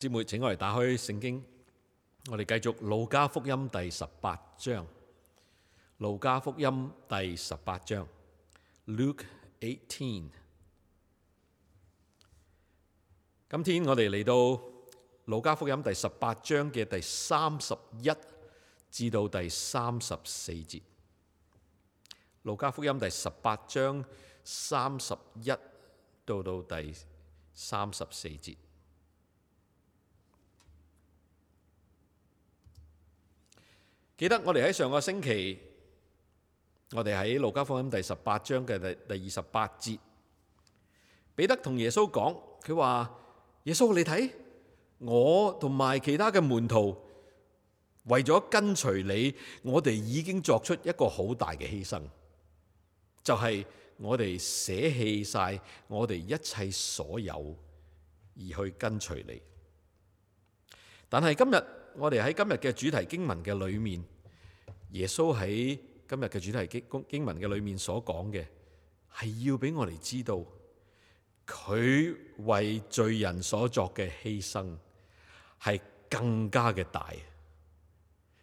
姊妹，請我哋打開聖經，我哋繼續《路加福音》第十八章，《路加福音》第十八章，Luke eighteen。今天我哋嚟到《路加福音》第十八章嘅第三十一至到第三十四節，《路加福音》第十八章三十一到到第三十四節。記得我哋喺上個星期，我哋喺路加福音第十八章嘅第第二十八節，彼得同耶穌講，佢話耶穌，你睇我同埋其他嘅門徒，為咗跟隨你，我哋已經作出一個好大嘅犧牲，就係我哋捨棄晒我哋一切所有而去跟隨你。但係今日。我哋喺今日嘅主題經文嘅裏面，耶穌喺今日嘅主題經經文嘅裏面所講嘅，係要俾我哋知道，佢為罪人所作嘅犧牲係更加嘅大。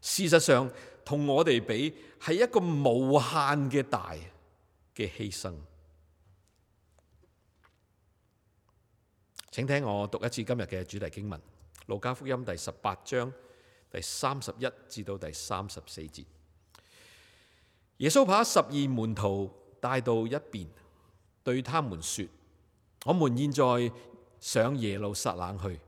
事實上，同我哋比，係一個無限嘅大嘅犧牲。請聽我讀一次今日嘅主題經文《路加福音》第十八章。第三十一至到第三十四節，耶穌把十二門徒帶到一邊，對他們說：我們現在上耶路撒冷去，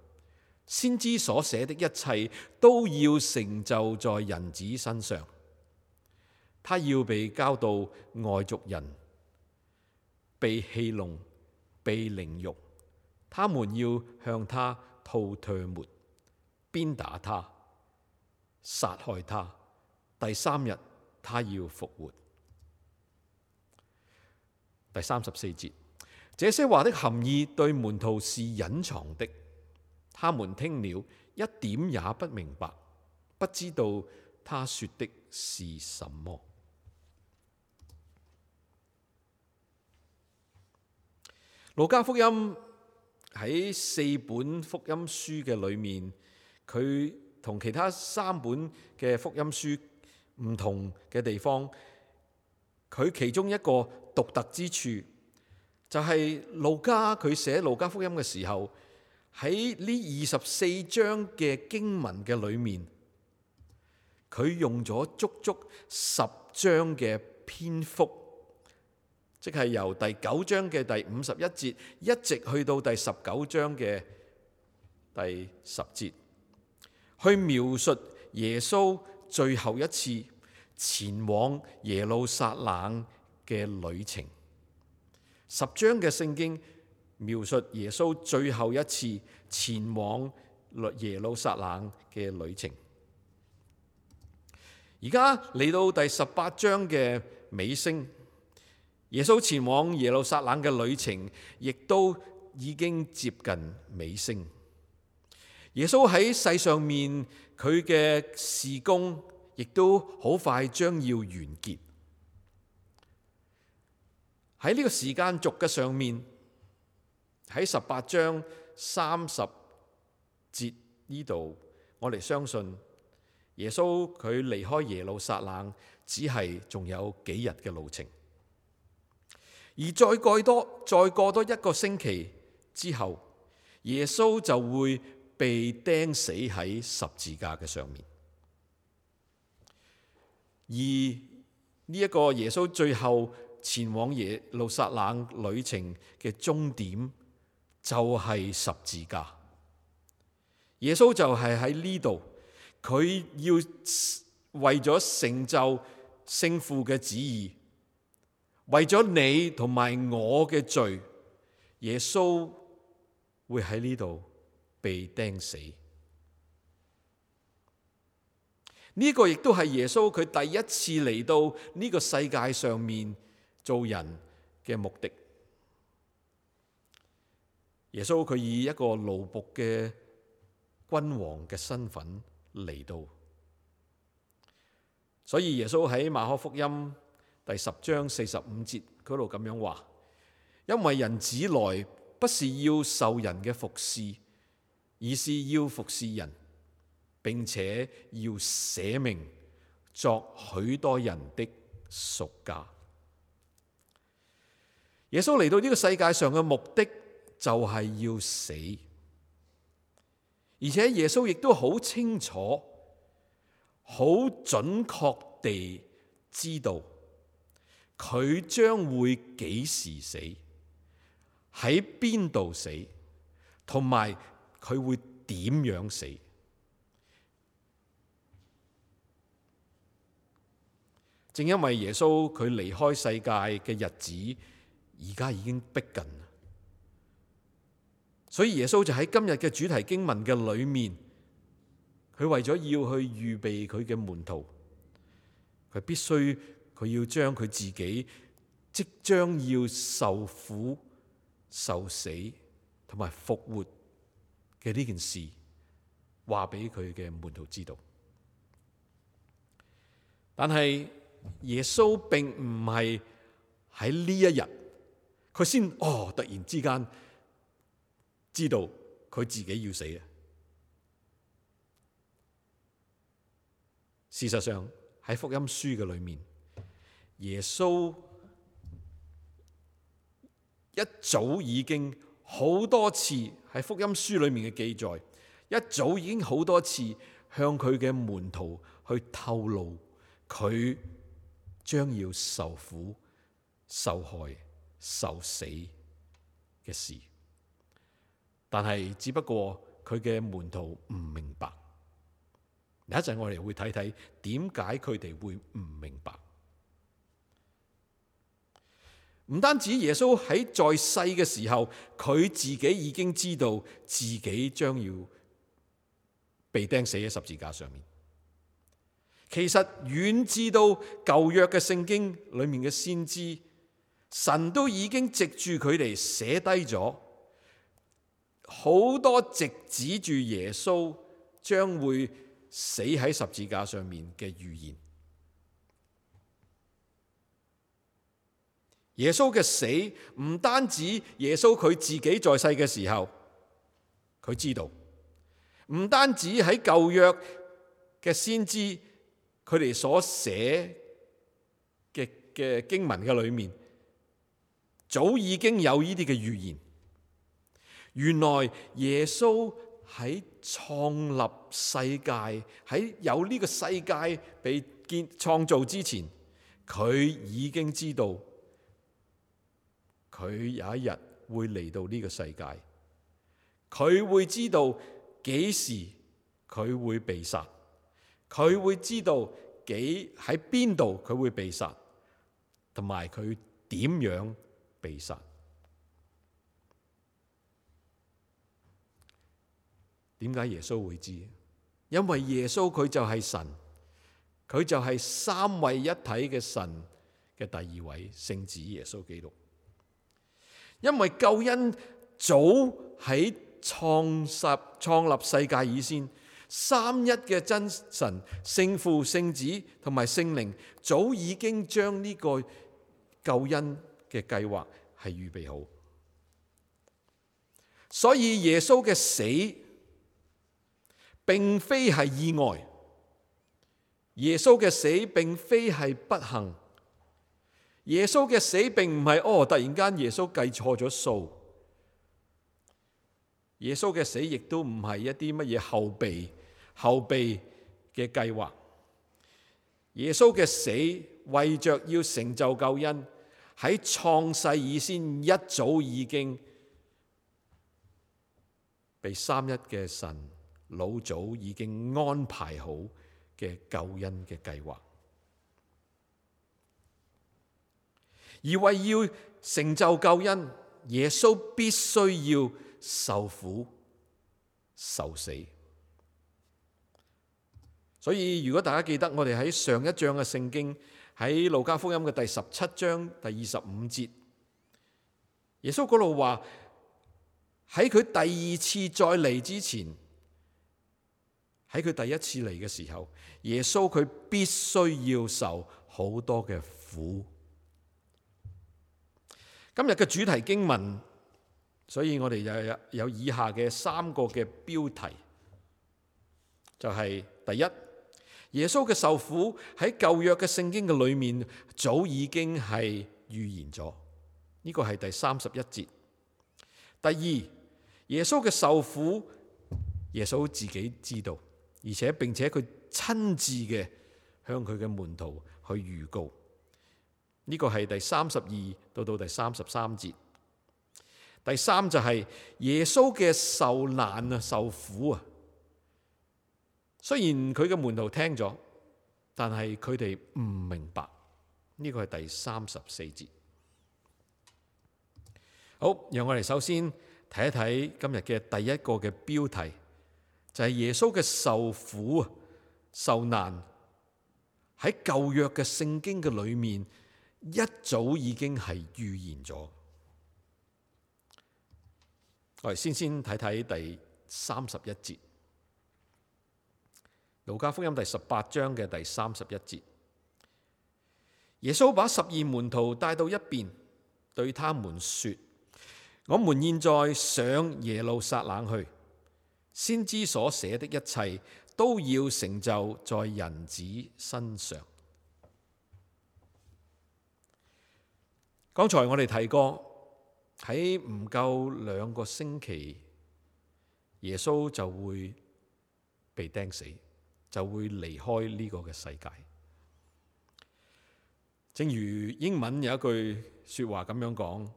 先知所寫的一切都要成就在人子身上。他要被交到外族人，被戲弄、被凌辱，他們要向他吐唾沫、鞭打他。殺害他，第三日他要復活。第三十四節，這些話的含義對門徒是隱藏的，他們聽了一點也不明白，不知道他說的是什麼。路加福音喺四本福音書嘅裏面，佢，同其他三本嘅福音書唔同嘅地方，佢其中一個獨特之處，就係路加佢寫路加福音嘅時候，喺呢二十四章嘅經文嘅裏面，佢用咗足足十章嘅篇幅，即係由第九章嘅第五十一節，一直去到第十九章嘅第十節。去描述耶穌最後一次前往耶路撒冷嘅旅程。十章嘅聖經描述耶穌最後一次前往耶路撒冷嘅旅程。而家嚟到第十八章嘅尾聲，耶穌前往耶路撒冷嘅旅程亦都已經接近尾聲。耶穌喺世上面，佢嘅事工亦都好快將要完結。喺呢個時間軸嘅上面，喺十八章三十節呢度，我哋相信耶穌佢離開耶路撒冷，只係仲有幾日嘅路程，而再過多，再過多一個星期之後，耶穌就會。被釘死喺十字架嘅上面，而呢一個耶穌最後前往耶路撒冷旅程嘅終點就係十字架。耶穌就係喺呢度，佢要為咗成就聖父嘅旨意，為咗你同埋我嘅罪，耶穌會喺呢度。被釘死呢個亦都係耶穌佢第一次嚟到呢個世界上面做人嘅目的。耶穌佢以一個勞僕嘅君王嘅身份嚟到，所以耶穌喺馬可福音第十章四十五節佢度咁樣話：因為人子來，不是要受人嘅服侍。而是要服侍人，並且要捨命作許多人的贖價」。耶穌嚟到呢個世界上嘅目的就係要死，而且耶穌亦都好清楚、好準確地知道佢將會幾時死，喺邊度死，同埋，佢會點樣死？正因為耶穌佢離開世界嘅日子而家已經逼近，所以耶穌就喺今日嘅主題經文嘅裏面，佢為咗要去預備佢嘅門徒，佢必須，佢要將佢自己即將要受苦、受死同埋復活。嘅呢件事，話俾佢嘅門徒知道。但係耶穌並唔係喺呢一日，佢先，哦，突然之間知道佢自己要死嘅。事實上喺福音書嘅裏面，耶穌一早已經好多次。係福音書裏面嘅記載，一早已經好多次向佢嘅門徒去透露佢將要受苦、受害、受死嘅事，但係只不過佢嘅門徒唔明白。一陣我哋會睇睇點解佢哋會唔明白。唔單止耶穌喺在，在世嘅時候，佢自己已經知道自己將要被釘死喺十字架上面。其實遠至到舊約嘅聖經裏面嘅先知，神都已經藉住佢哋寫低咗好多直指住耶穌將會死喺十字架上面嘅預言。耶穌嘅死唔單止耶穌佢自己在世嘅時候佢知道，唔單止喺舊約嘅先知佢哋所寫嘅嘅經文嘅裏面，早已經有呢啲嘅預言。原來耶穌喺創立世界，喺有呢個世界被建創造之前，佢已經知道。佢有一日會嚟到呢個世界，佢會知道幾時佢會被殺，佢會知道幾喺邊度佢會被殺，同埋佢點樣被殺？點解耶穌會知？因為耶穌佢就係神，佢就係三位一體嘅神嘅第二位聖子耶穌基督。因為救恩早喺創十創立世界以先，三一嘅真神聖父、聖子同埋聖靈早已經將呢個救恩嘅計劃係預備好，所以耶穌嘅死並非係意外，耶穌嘅死並非係不幸。耶穌嘅死並唔係哦，突然間耶穌計錯咗數。耶穌嘅死亦都唔係一啲乜嘢後備後備嘅計劃。耶穌嘅死為着要成就救恩，喺創世以先一早已經被三一嘅神老早已經安排好嘅救恩嘅計劃。而為要成就救恩，耶穌必須要受苦、受死。所以如果大家記得我哋喺上一章嘅聖經，喺路加福音嘅第十七章第二十五節，耶穌嗰度話喺佢第二次再嚟之前，喺佢第一次嚟嘅時候，耶穌佢必須要受好多嘅苦。今日嘅主題經文，所以我哋有有以下嘅三個嘅標題，就係第一，耶穌嘅受苦喺舊約嘅聖經嘅裏面，早已經係預言咗，呢個係第三十一節。第二，耶穌嘅受苦，耶穌自己知道，而且並且佢親自嘅向佢嘅門徒去預告。呢個係第三十二到到第三十三節。第三就係耶穌嘅受難啊，受苦啊。雖然佢嘅門徒聽咗，但係佢哋唔明白。呢個係第三十四節。好，讓我哋首先睇一睇今日嘅第一個嘅標題，就係耶穌嘅受苦啊，受難，喺舊約嘅聖經嘅裏面。一早已經係預言咗。我哋先先睇睇第三十一節，《路加福音》第十八章嘅第三十一節。耶穌把十二門徒帶到一邊，對他們說：我們現在上耶路撒冷去，先知所寫的一切都要成就在人子身上。剛才我哋提過，喺唔夠兩個星期，耶穌就會被釘死，就會離開呢個嘅世界。正如英文有一句說話咁樣講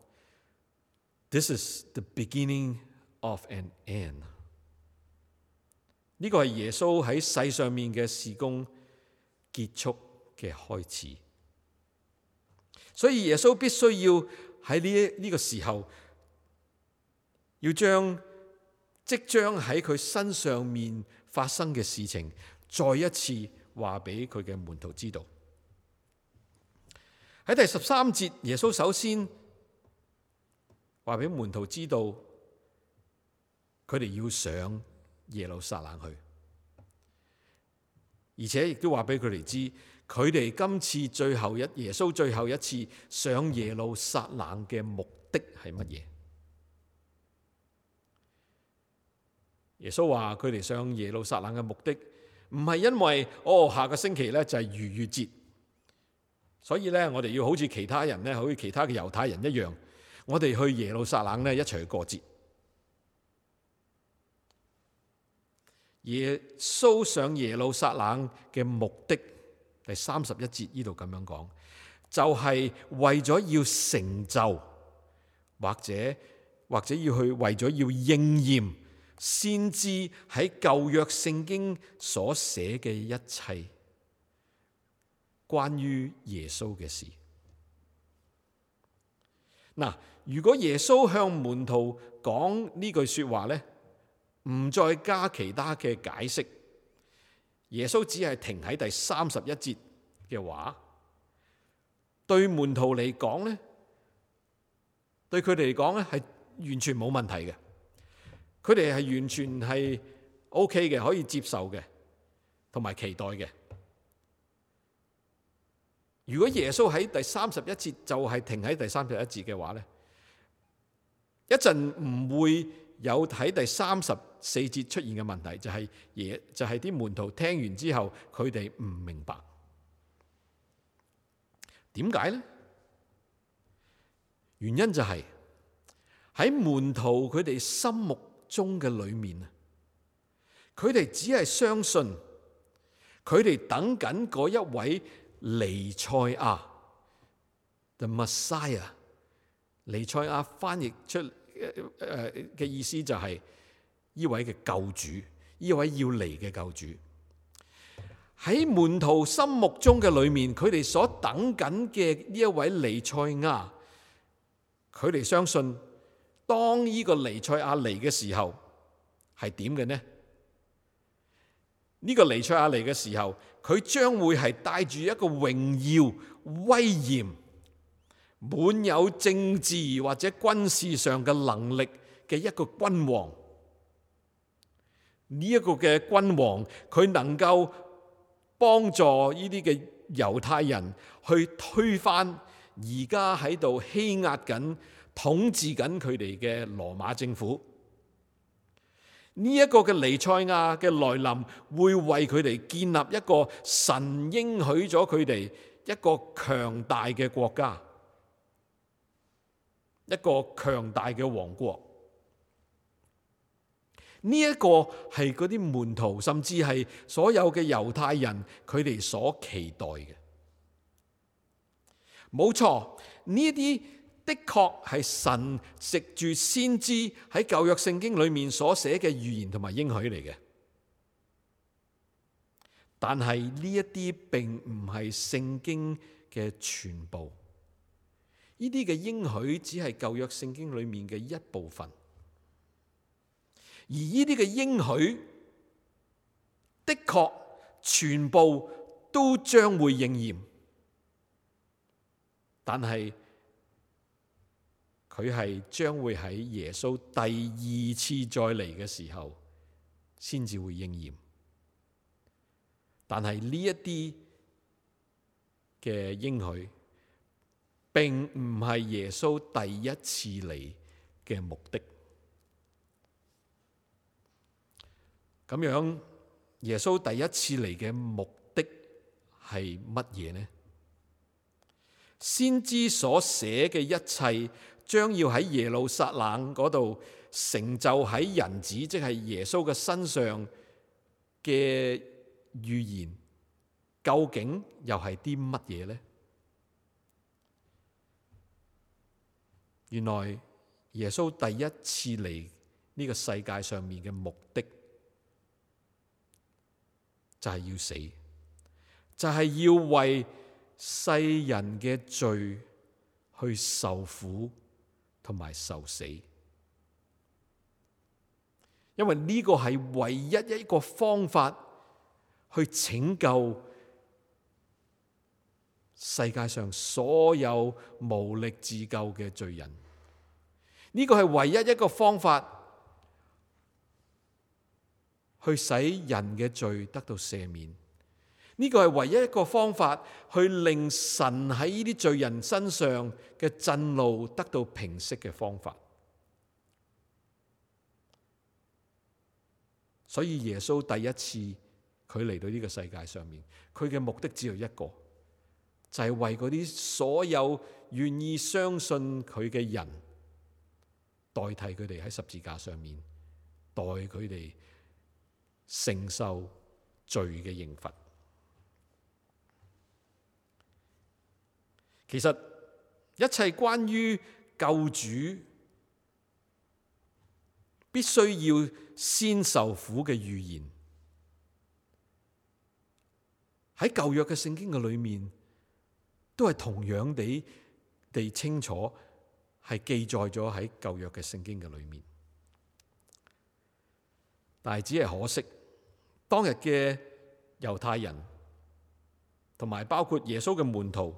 ：This is the beginning of an end。呢個係耶穌喺世上面嘅事工結束嘅開始。所以耶穌必須要喺呢呢個時候，要將即將喺佢身上面發生嘅事情再一次話俾佢嘅門徒知道。喺第十三節，耶穌首先話俾門徒知道，佢哋要上耶路撒冷去。而且亦都話俾佢哋知，佢哋今次最後一耶穌最後一次上耶路撒冷嘅目的係乜嘢？耶穌話佢哋上耶路撒冷嘅目的唔係因為哦下個星期咧就係逾越節，所以咧我哋要好似其他人咧，好似其他嘅猶太人一樣，我哋去耶路撒冷咧一齊去過節。耶穌上耶路撒冷嘅目的，第三十一節呢度咁樣講，就係為咗要成就，或者或者要去為咗要應驗，先知喺舊約聖經所寫嘅一切關於耶穌嘅事。嗱，如果耶穌向門徒講呢句說話呢，唔再加其他嘅解釋，耶穌只係停喺第三十一節嘅話，對門徒嚟講咧，對佢哋嚟講咧係完全冇問題嘅，佢哋係完全係 OK 嘅，可以接受嘅，同埋期待嘅。如果耶穌喺第三十一節就係停喺第三十一節嘅話咧，一陣唔會有睇第三十四節出現嘅問題就係嘢，就係啲門徒聽完之後，佢哋唔明白點解咧？原因就係喺門徒佢哋心目中嘅裏面啊，佢哋只係相信佢哋等緊嗰一位彌賽亞，the Messiah。彌賽亞翻譯出嚟嘅意思就係。呢位嘅救主，呢位要嚟嘅救主，喺門徒心目中嘅裏面，佢哋所等緊嘅呢一位彌賽亞，佢哋相信當呢個彌賽亞嚟嘅時候係點嘅呢？呢個彌賽亞嚟嘅時候，佢將會係帶住一個榮耀威嚴、滿有政治或者軍事上嘅能力嘅一個君王。呢一個嘅君王，佢能夠幫助呢啲嘅猶太人去推翻而家喺度欺壓緊、統治緊佢哋嘅羅馬政府。呢一個嘅彌賽亞嘅來臨，會為佢哋建立一個神應許咗佢哋一個強大嘅國家，一個強大嘅王國。呢一個係嗰啲門徒，甚至係所有嘅猶太人，佢哋所期待嘅。冇錯，呢一啲的確係神食住先知喺舊約聖經裏面所寫嘅預言同埋應許嚟嘅。但係呢一啲並唔係聖經嘅全部，呢啲嘅應許只係舊約聖經裏面嘅一部分。而呢啲嘅應許，的確全部都將會應驗，但係佢係將會喺耶穌第二次再嚟嘅時候先至會應驗。但係呢一啲嘅應許並唔係耶穌第一次嚟嘅目的。咁樣，耶穌第一次嚟嘅目的係乜嘢呢？先知所寫嘅一切，將要喺耶路撒冷嗰度成就喺人子，即係耶穌嘅身上嘅預言，究竟又係啲乜嘢呢？原來耶穌第一次嚟呢個世界上面嘅目的。就係要死，就係要為世人嘅罪去受苦同埋受死，因為呢個係唯一一個方法去拯救世界上所有無力自救嘅罪人。呢個係唯一一個方法。去使人嘅罪得到赦免，呢個係唯一一個方法，去令神喺呢啲罪人身上嘅震怒得到平息嘅方法。所以耶穌第一次佢嚟到呢個世界上面，佢嘅目的只有一個，就係為嗰啲所有願意相信佢嘅人，代替佢哋喺十字架上面代佢哋，承受罪嘅刑罰，其實一切關於救主必須要先受苦嘅預言，喺舊約嘅聖經嘅裏面，都係同樣地地清楚，係記載咗喺舊約嘅聖經嘅裏面。但係只係可惜。當日嘅猶太人，同埋包括耶穌嘅門徒，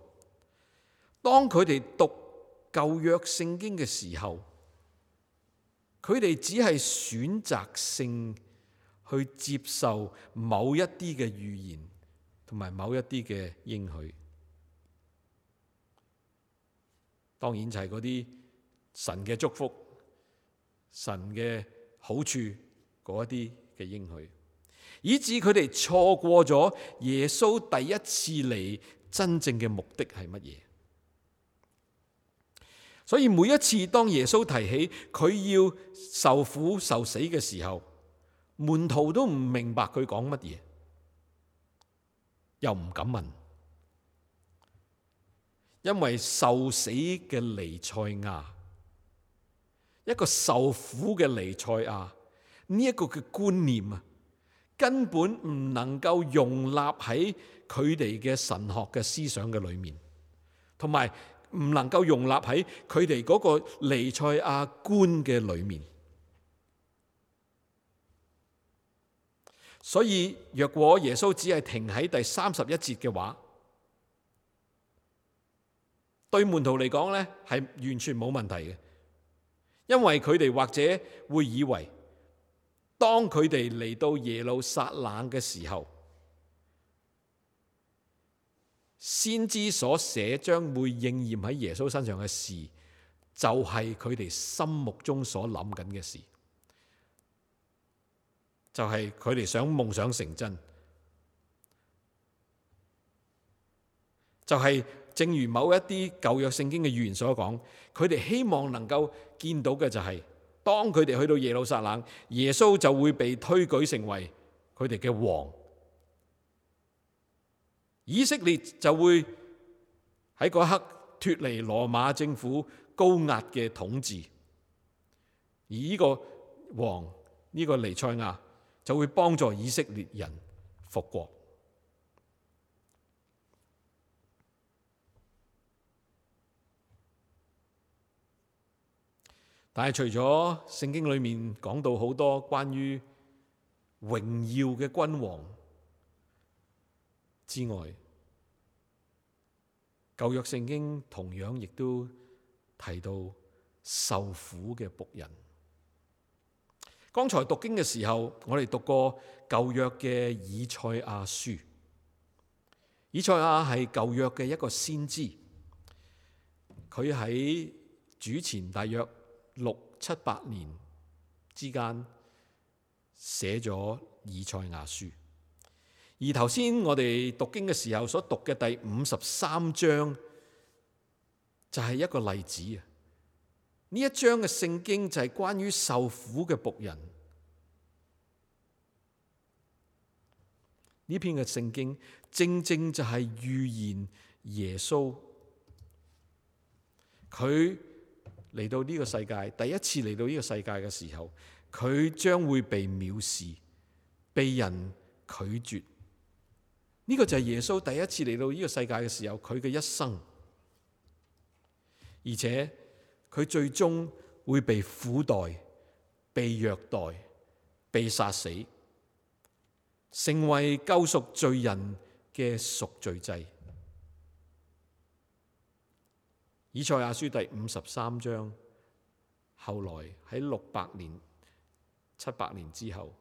當佢哋讀舊約聖經嘅時候，佢哋只係選擇性去接受某一啲嘅預言，同埋某一啲嘅應許。當然就係嗰啲神嘅祝福、神嘅好處嗰一啲嘅應許。以致佢哋錯過咗耶穌第一次嚟，真正嘅目的係乜嘢？所以每一次當耶穌提起佢要受苦受死嘅時候，門徒都唔明白佢講乜嘢，又唔敢問，因為受死嘅彌賽亞，一個受苦嘅彌賽亞，呢一個嘅觀念啊。根本唔能夠容納喺佢哋嘅神學嘅思想嘅裏面，同埋唔能夠容納喺佢哋嗰個尼賽亞觀嘅裏面。所以，若果耶穌只係停喺第三十一節嘅話，對門徒嚟講，呢係完全冇問題嘅，因為佢哋或者會以為。當佢哋嚟到耶路撒冷嘅時候，先知所寫將會應驗喺耶穌身上嘅事，就係佢哋心目中所諗緊嘅事，就係佢哋想夢想成真，就係正如某一啲舊約聖經嘅預言所講，佢哋希望能夠見到嘅就係。當佢哋去到耶路撒冷，耶穌就會被推舉成為佢哋嘅王，以色列就會喺嗰刻脫離羅馬政府高壓嘅統治，而呢個王呢、呢個彌賽亞就會幫助以色列人復國。但係除咗聖經裏面講到好多關於榮耀嘅君王之外，舊約聖經同樣亦都提到受苦嘅僕人。剛才讀經嘅時候，我哋讀過舊約嘅以賽亞書。以賽亞係舊約嘅一個先知，佢喺主前大約。六七八年之間寫咗《以賽亞書》，而頭先我哋讀經嘅時候所讀嘅第五十三章，就係一個例子啊！呢一章嘅聖經就係關於受苦嘅僕人，呢篇嘅聖經正正就係預言耶穌佢嚟到呢個世界，第一次嚟到呢個世界嘅時候，佢將會被藐視，被人拒絕。呢、這個就係耶穌第一次嚟到呢個世界嘅時候，佢嘅一生，而且佢最終會被苦待，待、被虐待、被殺死，成為救贖罪人嘅贖罪祭。以賽亞書第五十三章，後來喺六百年、七百年之後，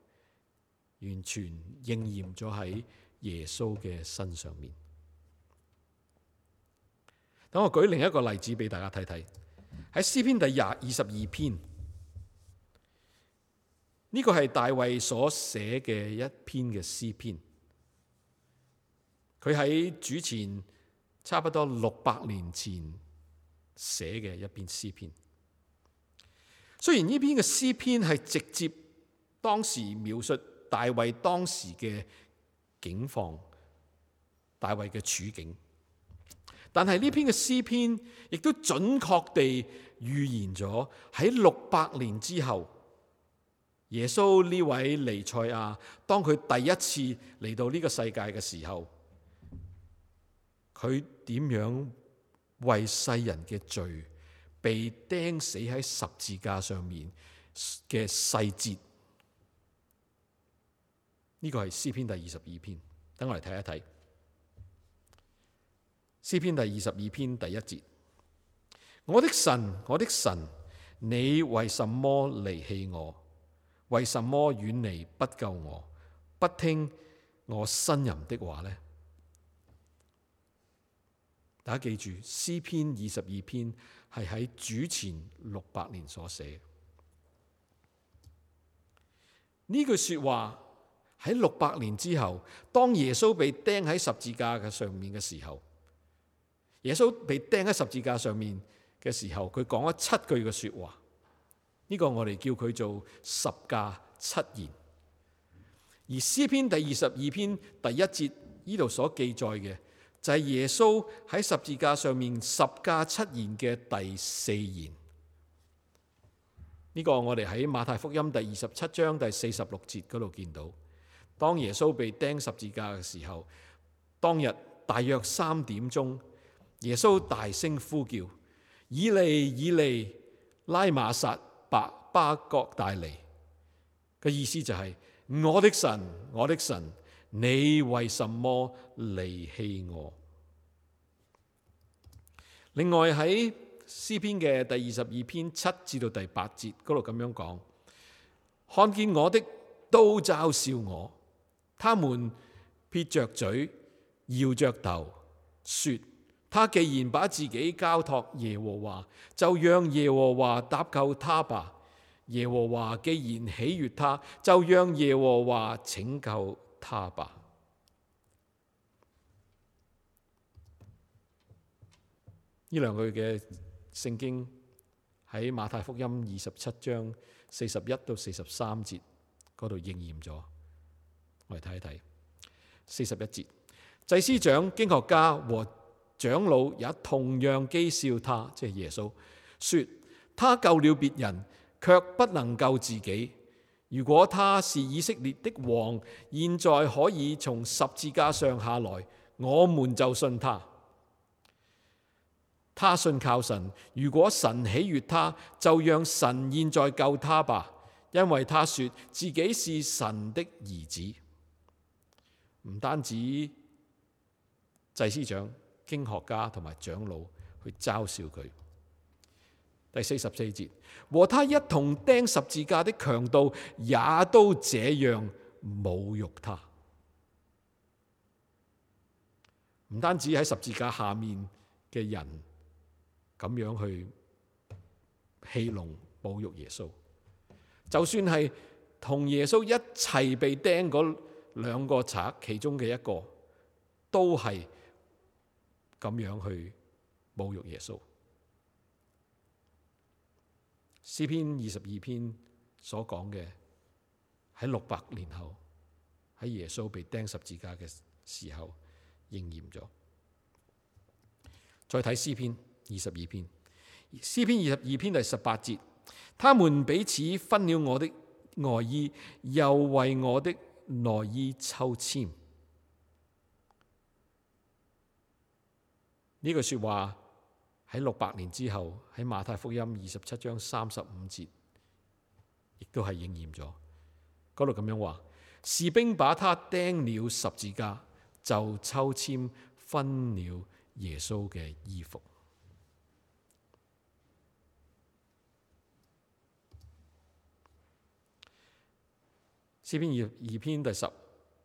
完全應驗咗喺耶穌嘅身上面。等我舉另一個例子俾大家睇睇，喺詩篇第廿二十二篇，呢個係大衛所寫嘅一篇嘅詩篇，佢喺主前差不多六百年前。寫嘅一篇詩篇，雖然呢篇嘅詩篇係直接當時描述大衛當時嘅境況，大衛嘅處境，但係呢篇嘅詩篇亦都準確地預言咗喺六百年之後，耶穌呢位彌賽亞當佢第一次嚟到呢個世界嘅時候，佢點樣？為世人嘅罪被釘死喺十字架上面嘅細節，呢個係詩篇第二十二篇。等我嚟睇一睇。詩篇第二十二篇第一節：我的神，我的神，你為什麼離棄我？為什麼遠離不救我？不聽我呻吟的話呢？」大家記住，詩篇二十二篇係喺主前六百年所寫嘅。呢句說話喺六百年之後，當耶穌被釘喺十字架嘅上面嘅時候，耶穌被釘喺十字架上面嘅時候，佢講咗七句嘅說話。呢、這個我哋叫佢做十架七言。而詩篇第二十二篇第一節呢度所記載嘅。就係、是、耶穌喺十字架上面，十架七言嘅第四言，呢個我哋喺馬太福音第二十七章第四十六節嗰度見到，當耶穌被釘十字架嘅時候，當日大約三點鐘，耶穌大聲呼叫：以利以利，拉馬撒伯巴，巴各大尼！」嘅意思就係、是、我的神，我的神。你為什麼離棄我？另外喺詩篇嘅第二十二篇七至到第八節嗰度咁樣講，看見我的都嘲笑我，他們撇着嘴搖着頭，説：他既然把自己交託耶和華，就讓耶和華搭救他吧。耶和華既然喜悅他，就讓耶和華拯救他吧，呢兩句嘅聖經喺馬太福音二十七章四十一到四十三節嗰度應驗咗。我哋睇一睇四十一節，祭司長、經學家和長老也同樣譏笑他，即係耶穌，說他救了別人，卻不能救自己。如果他是以色列的王，現在可以從十字架上下來，我們就信他。他信靠神，如果神喜悅他，就讓神現在救他吧，因為他說自己是神的兒子。唔單止祭司長、經學家同埋長老去嘲笑佢。第四十四節，和他一同釘十字架的強盜也都這樣侮辱他。唔單止喺十字架下面嘅人咁樣去戲弄、侮辱耶穌，就算係同耶穌一齊被釘嗰兩個賊，其中嘅一個，都係咁樣去侮辱耶穌。詩篇二十二篇所講嘅，喺六百年後，喺耶穌被釘十字架嘅時候，應驗咗。再睇詩篇二十二篇，詩篇二十二篇第十八節，他們彼此分了我的外衣、呃，又為我的內衣抽籤。呢、呃、句說話。喺六百年之後，喺馬太福音二十七章三十五節，亦都係應驗咗。嗰度咁樣話：士兵把他釘了十字架，就抽籤分了耶穌嘅衣服。詩篇二二篇第十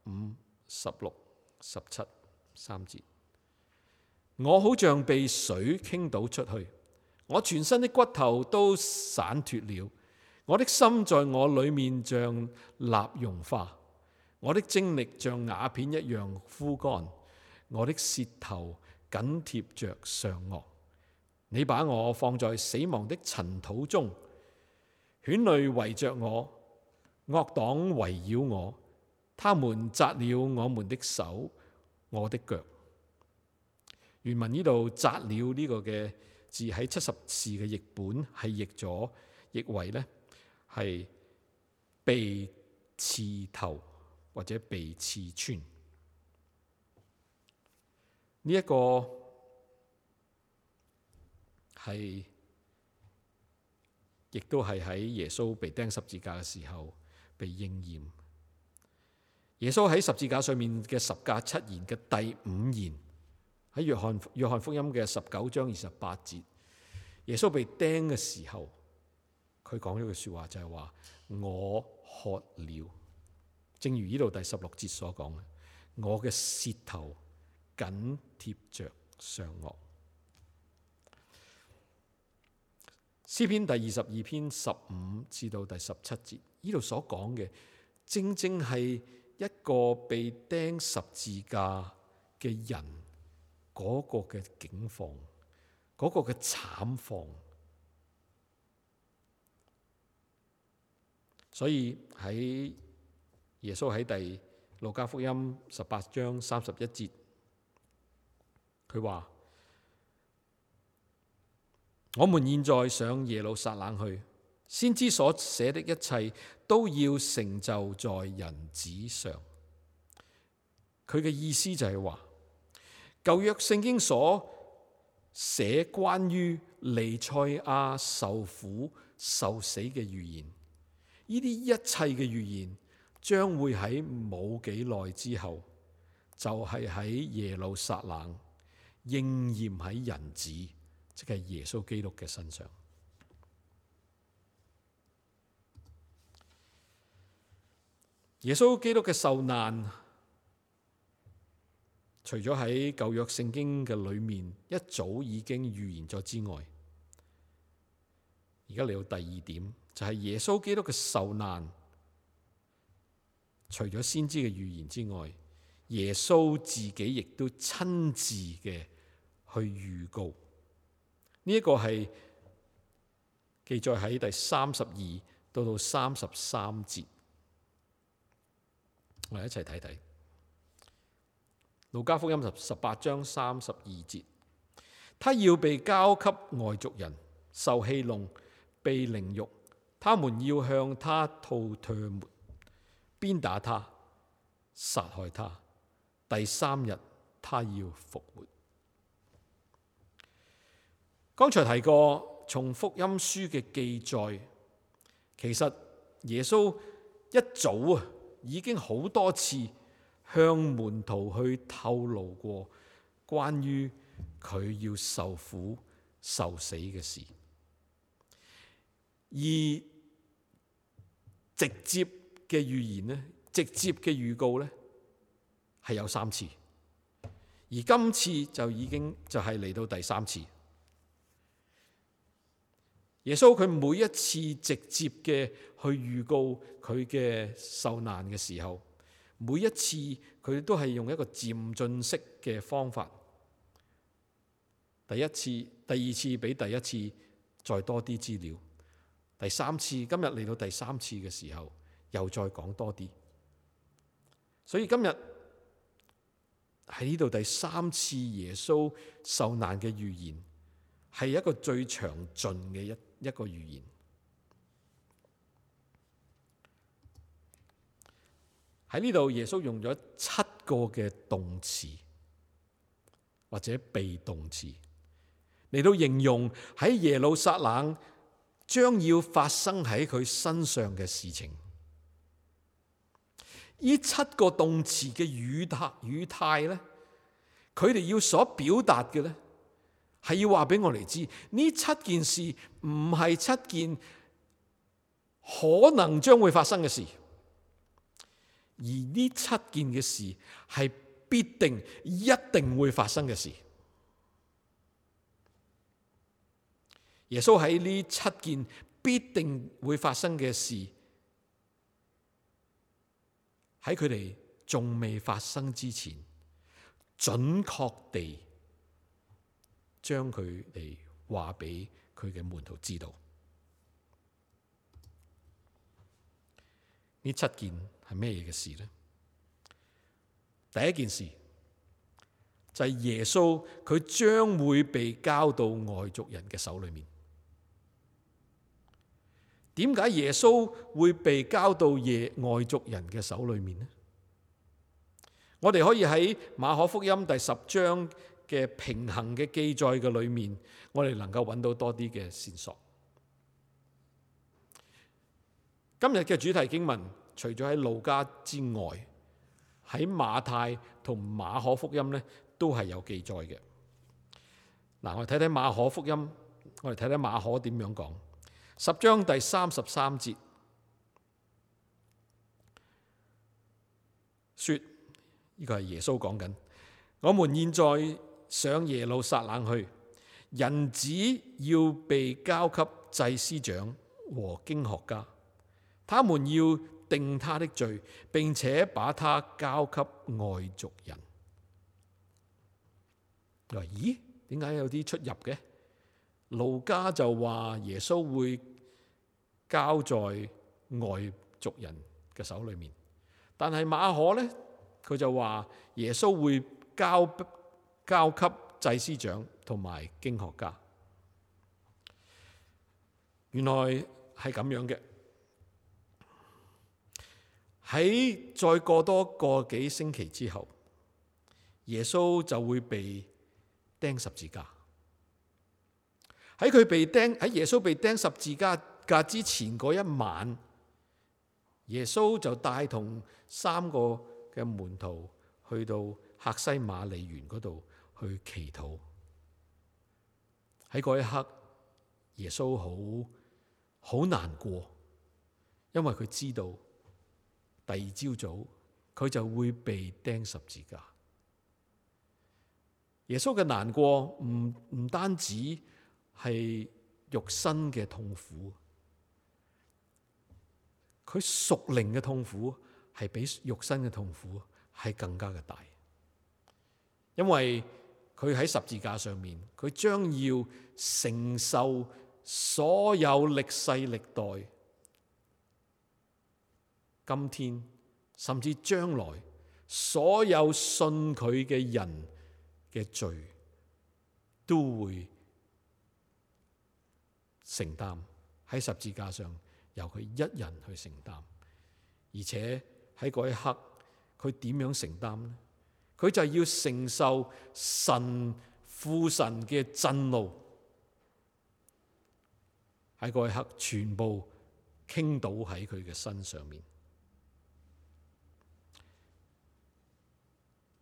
五、十六、十七三節。我好像被水傾倒出去，我全身的骨頭都散脫了，我的心在我裏面像蠟融化，我的精力像瓦片一樣枯乾，我的舌頭緊貼着上顎。你把我放在死亡的塵土中，犬類圍着我，惡黨圍繞我，他們扎了我們的手，我的腳。原文呢度摘了呢個嘅字喺七十字嘅譯本係譯咗譯為呢係被刺透或者被刺穿，呢一個係亦都係喺耶穌被釘十字架嘅時候被應驗。耶穌喺十字架上面嘅十架七言嘅第五言。喺約翰約翰福音嘅十九章二十八節，耶穌被釘嘅時候，佢講咗句說話就說，就係話我渴了。正如呢度第十六節所講嘅，我嘅舌頭緊貼着上顎。詩篇第二十二篇十五至到第十七節，呢度所講嘅，正正係一個被釘十字架嘅人。嗰、那個嘅境況，嗰、那個嘅慘況，所以喺耶穌喺第路加福音十八章三十一節，佢話：我們現在上耶路撒冷去，先知所寫的一切都要成就在人子上。佢嘅意思就係話。舊約聖經所寫關於彌賽亞受苦受死嘅預言，呢啲一切嘅預言將會喺冇幾耐之後，就係、是、喺耶路撒冷應驗喺人子，即係耶穌基督嘅身上。耶穌基督嘅受難。除咗喺舊約聖經嘅裏面一早已經預言咗之外，而家嚟到第二點就係、是、耶穌基督嘅受難。除咗先知嘅預言之外，耶穌自己亦都親自嘅去預告。呢、這、一個係記載喺第三十二到到三十三節，我哋一齊睇睇。路加福音十十八章三十二節，他要被交給外族人受欺弄、被凌辱，他們要向他吐唾沫、鞭打他、殺害他。第三日，他要復活。剛才提過，從福音書嘅記載，其實耶穌一早啊已經好多次。向門徒去透露過關於佢要受苦受死嘅事，而直接嘅預言呢，直接嘅預告呢，係有三次，而今次就已經就係嚟到第三次。耶穌佢每一次直接嘅去預告佢嘅受難嘅時候。每一次佢都係用一個漸進式嘅方法，第一次，第二次比第一次再多啲資料，第三次今日嚟到第三次嘅時候又再講多啲，所以今日喺呢度第三次耶穌受難嘅預言係一個最詳盡嘅一一個預言。喺呢度，耶穌用咗七個嘅動詞或者被動詞嚟到形容喺耶路撒冷將要發生喺佢身上嘅事情。呢七個動詞嘅語，語態語態咧，佢哋要所表達嘅咧，係要話俾我哋知，呢七件事唔係七件可能將會發生嘅事。而呢七件嘅事係必定、一定會發生嘅事。耶穌喺呢七件必定會發生嘅事，喺佢哋仲未發生之前，準確地將佢哋話俾佢嘅門徒知道。呢七件。係咩嘢嘅事呢？第一件事就係耶穌佢將會被交到外族人嘅手裏面。點解耶穌會被交到耶外族人嘅手裏面呢？我哋可以喺馬可福音第十章嘅平衡嘅記載嘅裏面，我哋能夠揾到多啲嘅線索。今日嘅主題經文。除咗喺路加之外，喺馬太同馬可福音呢都係有記載嘅。嗱，我哋睇睇馬可福音，我哋睇睇馬可點樣講。十章第三十三節，說呢個係耶穌講緊。我們現在上耶路撒冷去，人子要被交給祭司長和經學家，他們要。定他的罪，並且把他交給外族人。佢話：咦，點解有啲出入嘅？路加就話耶穌會交在外族人嘅手裏面，但係馬可咧，佢就話耶穌會交交給祭司長同埋經學家。原來係咁樣嘅。喺再過多個幾星期之後，耶穌就會被釘十字架。喺佢被釘，喺耶穌被釘十字架架之前嗰一晚，耶穌就帶同三個嘅門徒去到客西馬利園嗰度去祈禱。喺嗰一刻，耶穌好好難過，因為佢知道。第二朝早，佢就會被釘十字架。耶穌嘅難過唔唔單止係肉身嘅痛苦，佢屬靈嘅痛苦係比肉身嘅痛苦係更加嘅大，因為佢喺十字架上面，佢將要承受所有歷世歷代。今天甚至將來，所有信佢嘅人嘅罪，都會承擔喺十字架上，由佢一人去承擔。而且喺嗰一刻，佢點樣承擔呢？佢就要承受神父神嘅震怒，喺嗰一刻全部傾倒喺佢嘅身上面。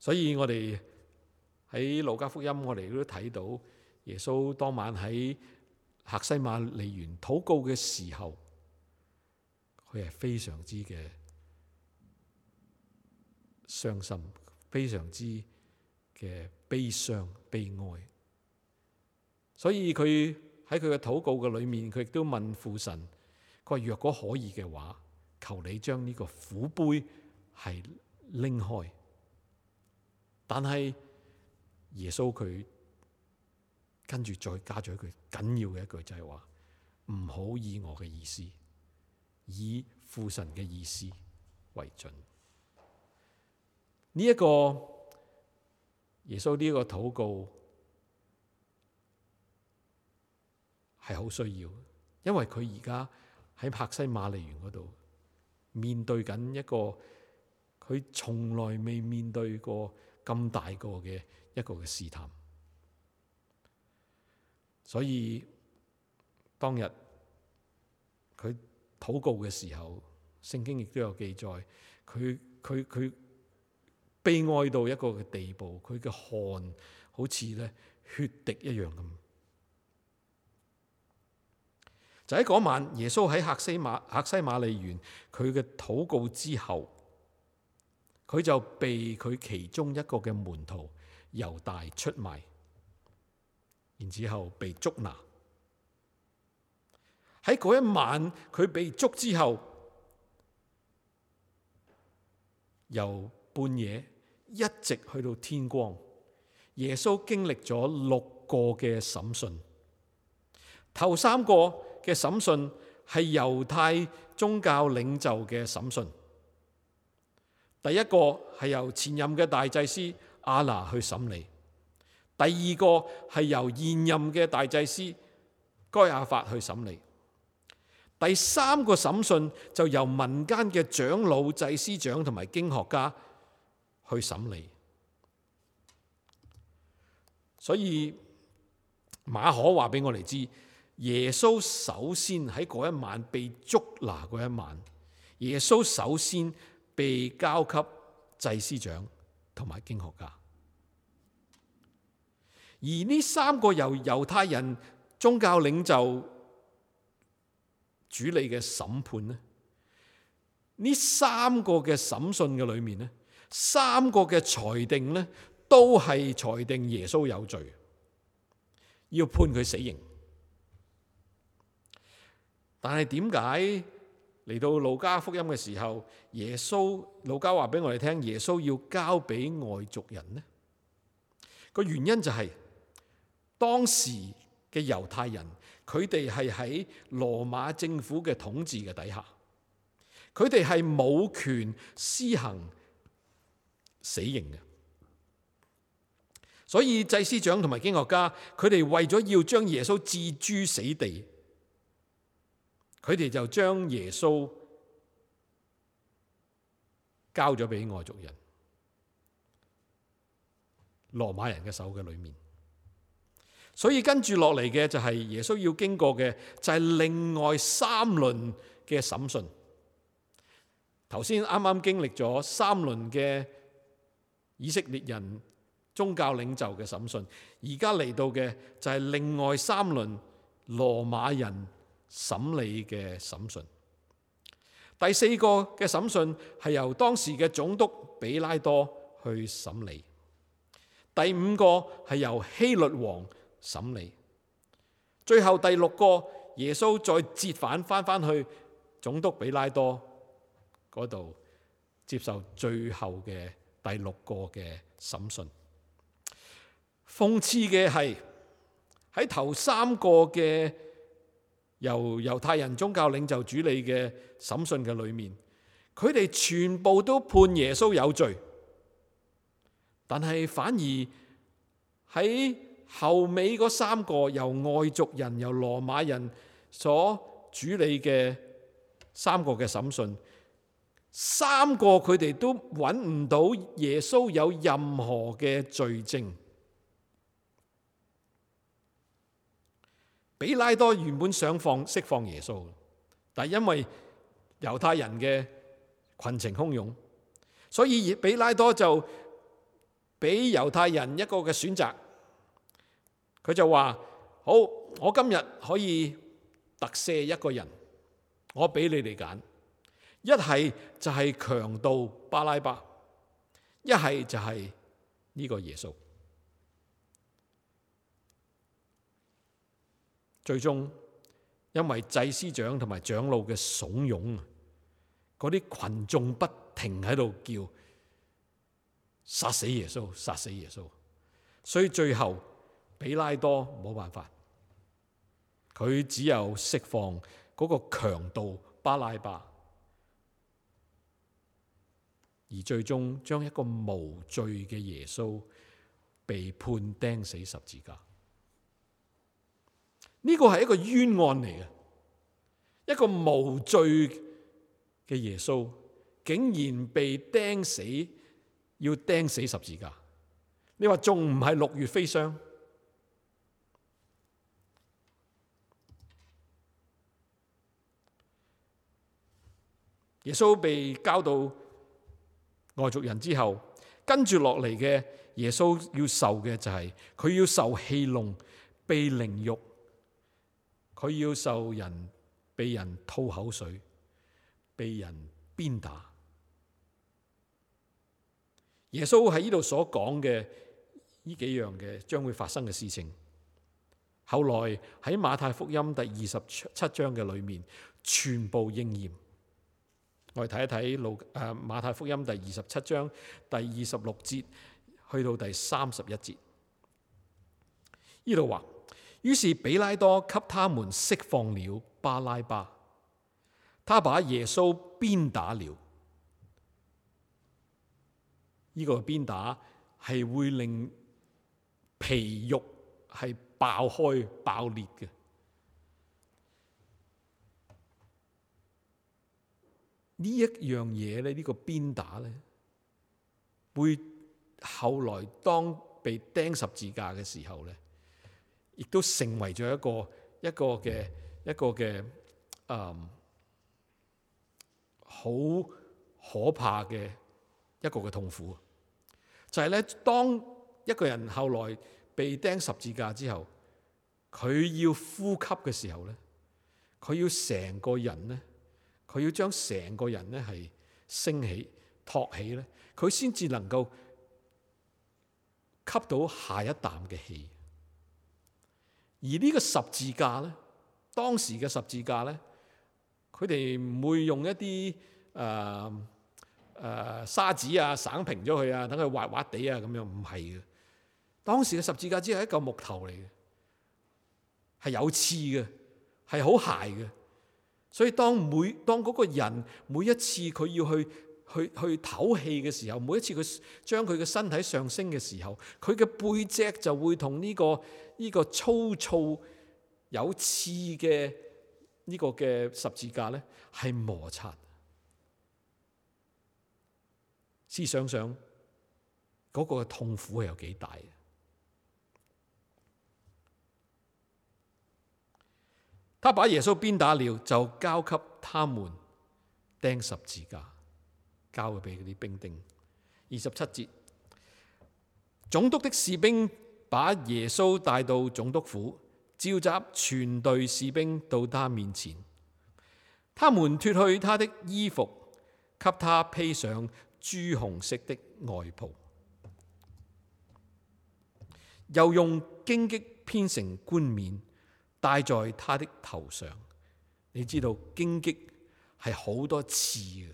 所以我哋喺《路加福音》，我哋都睇到耶穌當晚喺客西馬尼園禱告嘅時候，佢係非常之嘅傷心，非常之嘅悲傷、悲哀。所以佢喺佢嘅禱告嘅裏面，佢亦都問父神：佢話若果可以嘅話，求你將呢個苦杯係拎開。但係耶穌佢跟住，再加咗一句緊要嘅一句，就係話唔好以我嘅意思，以父神嘅意思為準。呢、這、一個耶穌呢個禱告係好需要的，因為佢而家喺帕西馬利園嗰度面對緊一個佢從來未面對過。咁大個嘅一個嘅試探，所以當日佢禱告嘅時候，聖經亦都有記載，佢佢佢悲哀到一個嘅地步，佢嘅汗好似咧血滴一樣咁。就喺嗰晚，耶穌喺客西馬客西馬利園，佢嘅禱告之後。佢就被佢其中一個嘅門徒猶大出賣，然之後被捉拿。喺嗰一晚，佢被捉之後，由半夜一直去到天光，耶穌經歷咗六個嘅審訊。頭三個嘅審訊係猶太宗教領袖嘅審訊。第一個係由前任嘅大祭司亞拿去審理，第二個係由現任嘅大祭司該亞法去審理，第三個審訊就由民間嘅長老、祭司長同埋經學家去審理。所以馬可話俾我哋知，耶穌首先喺嗰一晚被捉拿嗰一晚，耶穌首先。被交給祭司長同埋經學家，而呢三個由猶太人宗教領袖主理嘅審判呢，呢三個嘅審訊嘅裏面呢，三個嘅裁定呢，都係裁定耶穌有罪，要判佢死刑。但係點解？嚟到路加福音嘅時候，耶穌路加話俾我哋聽，耶穌要交俾外族人咧。個原因就係、是、當時嘅猶太人，佢哋係喺羅馬政府嘅統治嘅底下，佢哋係冇權施行死刑嘅。所以祭司長同埋經學家，佢哋為咗要將耶穌置諸死地，佢哋就將耶穌交咗俾外族人、羅馬人嘅手嘅裏面，所以跟住落嚟嘅就係耶穌要經過嘅，就係另外三輪嘅審訊。頭先啱啱經歷咗三輪嘅以色列人宗教領袖嘅審訊，而家嚟到嘅就係另外三輪羅馬人。審理嘅審訊，第四個嘅審訊係由當時嘅總督比拉多去審理，第五個係由希律王審理，最後第六個耶穌再折返返返去總督比拉多嗰度接受最後嘅第六個嘅審訊。諷刺嘅係喺頭三個嘅。由猶太人宗教領袖主理嘅審訊嘅裏面，佢哋全部都判耶穌有罪，但係反而喺後尾嗰三個由外族人、由羅馬人所主理嘅三個嘅審訊，三個佢哋都揾唔到耶穌有任何嘅罪證。比拉多原本想放釋放耶穌，但因為猶太人嘅群情洶湧，所以比拉多就俾猶太人一個嘅選擇。佢就話：好，我今日可以特赦一個人，我俾你哋揀，一係就係強盜巴拉巴，一係就係呢個耶穌。最終，因為祭司長同埋長老嘅慫恿，嗰啲群眾不停喺度叫殺死耶穌，殺死耶穌。所以最後，比拉多冇辦法，佢只有釋放嗰個強盜巴拉巴，而最終將一個無罪嘅耶穌被判釘死十字架。呢個係一個冤案嚟嘅，一個無罪嘅耶穌竟然被釘死，要釘死十字架。你話仲唔係六月飛霜？耶穌被交到外族人之後，跟住落嚟嘅耶穌要受嘅就係、是、佢要受戲弄、被凌辱。佢要受人被人吐口水，被人鞭打。耶穌喺呢度所講嘅呢幾樣嘅將會發生嘅事情，後來喺馬太福音第二十七章嘅裏面全部應驗。我哋睇一睇路誒馬太福音第二十七章第二十六節去到第三十一節，呢度話。於是彼拉多給他們釋放了巴拉巴，他把耶穌鞭打了。呢、呢個鞭打係會令皮肉係爆開爆裂嘅。呢一樣嘢咧，呢個鞭打咧，會後來當被釘十字架嘅時候咧。亦都成為咗一個一個嘅一個嘅誒好可怕嘅一個嘅痛苦，就係咧，當一個人後來被釘十字架之後，佢要呼吸嘅時候咧，佢要成個人咧，佢要將成個人咧係升起、托起咧，佢先至能夠吸到下一啖嘅氣。而呢個十字架咧，當時嘅十字架咧，佢哋唔會用一啲誒誒沙紙啊，省平咗佢啊，等佢滑滑地啊，咁樣唔係嘅。當時嘅十字架只係一嚿木頭嚟嘅，係有刺嘅，係好鞋嘅。所以當每當嗰個人每一次佢要去去去唞氣嘅時候，每一次佢將佢嘅身體上升嘅時候，佢嘅背脊就會同呢、這個。呢、這個粗糙有刺嘅呢個嘅十字架咧，係摩擦。試想想嗰個痛苦係有幾大嘅？他把耶穌鞭打了，就交給他們釘十字架，交佢俾啲兵丁。二十七節，總督的士兵。把耶穌帶到總督府，召集全隊士兵到他面前。他們脫去他的衣服，給他披上朱紅色的外袍，又用荊棘編成冠冕戴在他的頭上。你知道荊棘係好多刺嘅，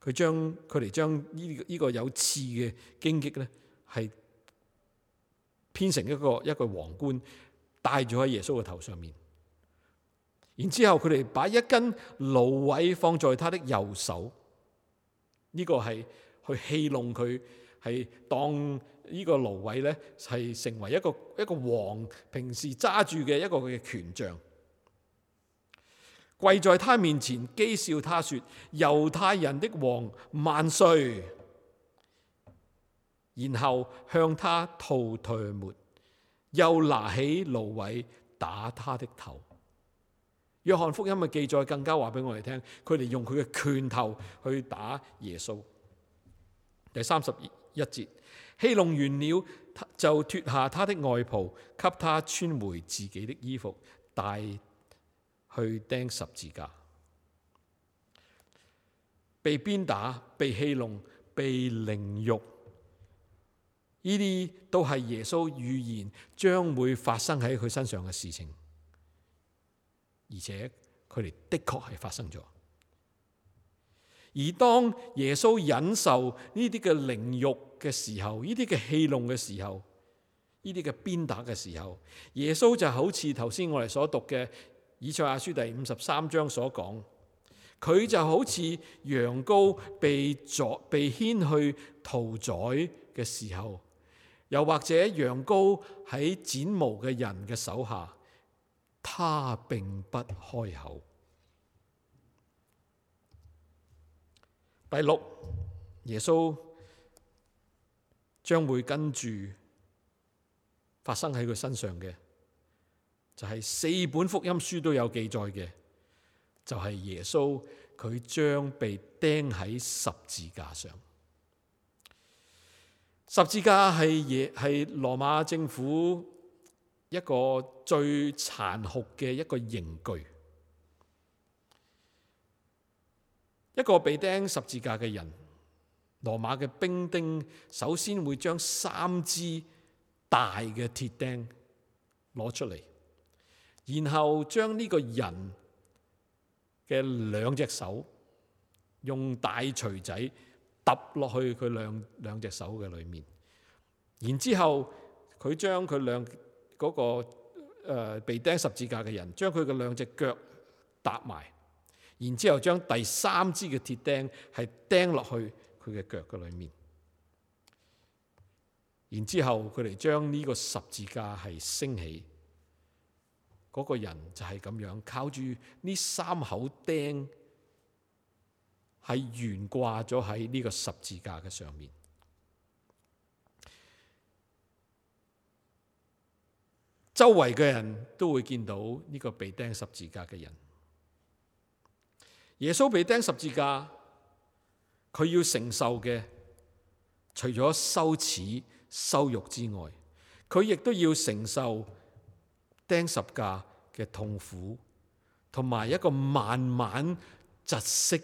佢將佢哋將呢呢個有刺嘅荊棘咧係，編成一個一個皇冠，戴住喺耶穌嘅頭上面。然之後佢哋把一根蘆葦放在他的右手，呢個係去戲弄佢，係當呢個蘆葦呢係成為一個一個王平時揸住嘅一個佢嘅權杖。跪在他面前譏笑他說：猶太人的王萬歲！然後向他吐唾沫，又拿起蘆葦打他的頭。約翰福音嘅記載更加話俾我哋聽，佢哋用佢嘅拳頭去打耶穌。第三十一節，戲弄完了就脫下他的外袍，給他穿回自己的衣服，帶去釘十字架。被鞭打，被戲弄，被凌辱。呢啲都係耶穌預言將會發生喺佢身上嘅事情，而且佢哋的確係發生咗。而當耶穌忍受呢啲嘅凌辱嘅時候，呢啲嘅戲弄嘅時候，呢啲嘅鞭打嘅時候，耶穌就好似頭先我哋所讀嘅以賽亞書第五十三章所講，佢就好似羊羔被捉、被牽去屠宰嘅時候。又或者羊羔喺剪毛嘅人嘅手下，他並不開口。第六，耶穌將會跟住發生喺佢身上嘅，就係、是、四本福音書都有記載嘅，就係、是、耶穌佢將被釘喺十字架上。十字架係嘢係羅馬政府一個最殘酷嘅一個刑具。一個被釘十字架嘅人，羅馬嘅兵丁首先會將三支大嘅鐵釘攞出嚟，然後將呢個人嘅兩隻手用大錘仔。揼落去佢兩兩隻手嘅裏面，然之後佢將佢兩嗰個、呃、被釘十字架嘅人，將佢嘅兩隻腳搭埋，然之後將第三支嘅鐵釘係釘落去佢嘅腳嘅裏面，然之後佢哋將呢個十字架係升起，嗰、嗰個人就係咁樣靠住呢三口釘。係懸掛咗喺呢個十字架嘅上面，周圍嘅人都會見到呢個被釘十字架嘅人。耶穌被釘十字架，佢要承受嘅除咗羞恥羞辱之外，佢亦都要承受釘十字架嘅痛苦，同埋一個慢慢窒息。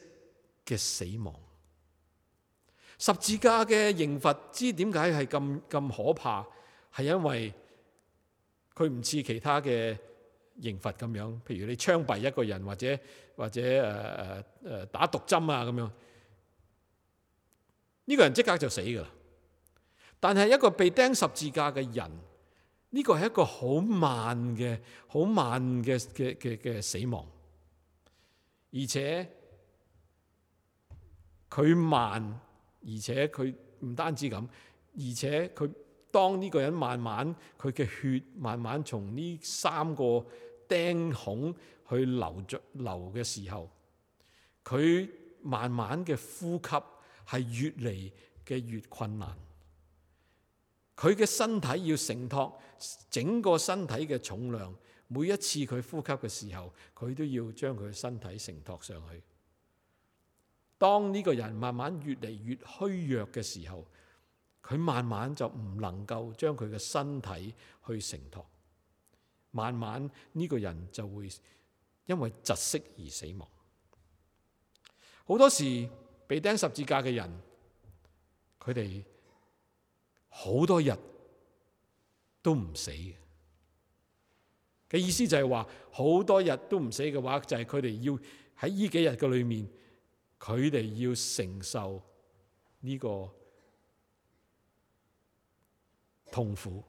嘅死亡，十字架嘅刑罰，知點解係咁咁可怕？係因為佢唔似其他嘅刑罰咁樣，譬如你槍斃一個人或者或者誒誒誒打毒針啊咁樣，呢個人即刻就死噶啦。但係一個被釘十字架嘅人，呢個係一個好慢嘅、好慢嘅嘅嘅嘅死亡，而且。佢慢，而且佢唔單止咁，而且佢當呢個人慢慢佢嘅血慢慢從呢三個釘孔去流着流嘅時候，佢慢慢嘅呼吸係越嚟嘅越困難，佢嘅身體要承托整個身體嘅重量，每一次佢呼吸嘅時候，佢都要將佢嘅身體承托上去。當呢個人慢慢越嚟越虛弱嘅時候，佢慢慢就唔能夠將佢嘅身體去承托，慢慢呢個人就會因為窒息而死亡。好多時被釘十字架嘅人，佢哋好多日都唔死嘅。嘅意思就係話，好多日都唔死嘅話，就係佢哋要喺呢幾日嘅裏面。佢哋要承受呢個痛苦。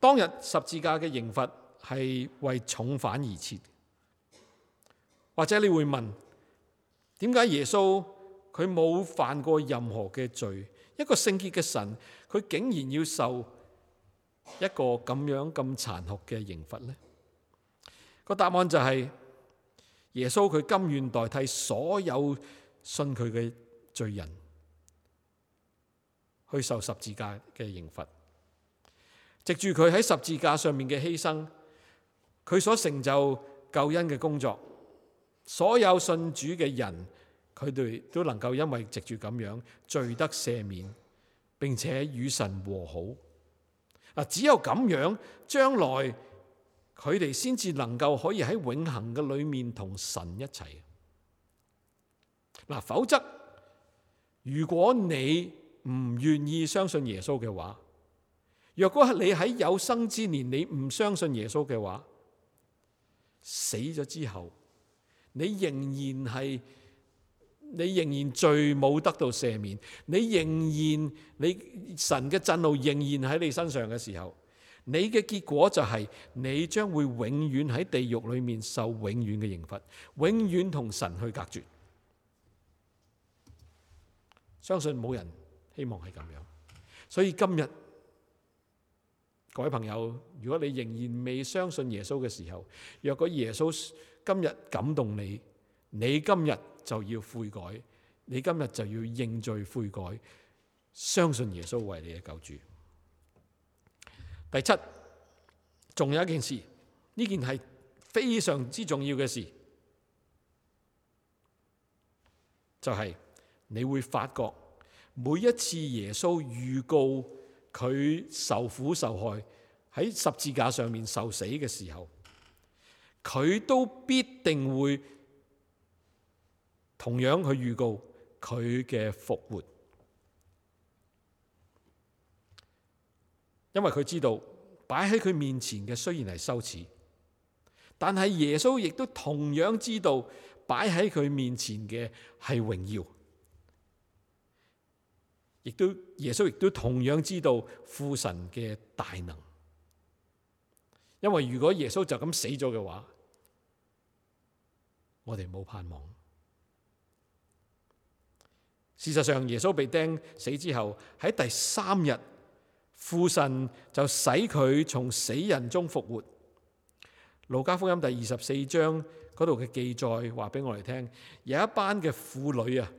當日十字架嘅刑罰係為重犯而設，或者你會問：「點解耶穌佢冇犯過任何嘅罪？一個聖潔嘅神，佢竟然要受一個咁樣咁殘酷嘅刑罰呢？」個答案就係耶穌佢甘願代替所有信佢嘅罪人去受十字架嘅刑罰，藉住佢喺十字架上面嘅犧牲，佢所成就救恩嘅工作，所有信主嘅人佢哋都能夠因為藉住咁樣罪得赦免，並且與神和好。嗱，只有咁樣將來。佢哋先至能夠可以喺永恒嘅裏面同神一齊。嗱，否則如果你唔願意相信耶穌嘅話，若果係你喺有生之年你唔相信耶穌嘅話，死咗之後，你仍然係你仍然罪冇得到赦免，你仍然你神嘅震怒仍然喺你身上嘅時候。你嘅結果就係你將會永遠喺地獄裏面受永遠嘅刑罰，永遠同神去隔絕。相信冇人希望係咁樣，所以今日各位朋友，如果你仍然未相信耶穌嘅時候，若果耶穌今日感動你，你今日就要悔改，你今日就要認罪悔改，相信耶穌為你嘅救主。第七，仲有一件事，呢件係非常之重要嘅事，就係你會發覺每一次耶穌預告佢受苦受害喺十字架上面受死嘅時候，佢都必定會同樣去預告佢嘅復活。因為佢知道擺喺佢面前嘅雖然係羞恥，但係耶穌亦都同樣知道擺喺佢面前嘅係榮耀，耶穌亦都同樣知道父神嘅大能。因為如果耶穌就咁死咗嘅話，我哋冇盼望。事實上，耶穌被釘死之後，喺第三日。父神就使佢從死人中復活。路加福音第二十四章嗰度嘅記載話俾我哋聽，有一班嘅婦女啊，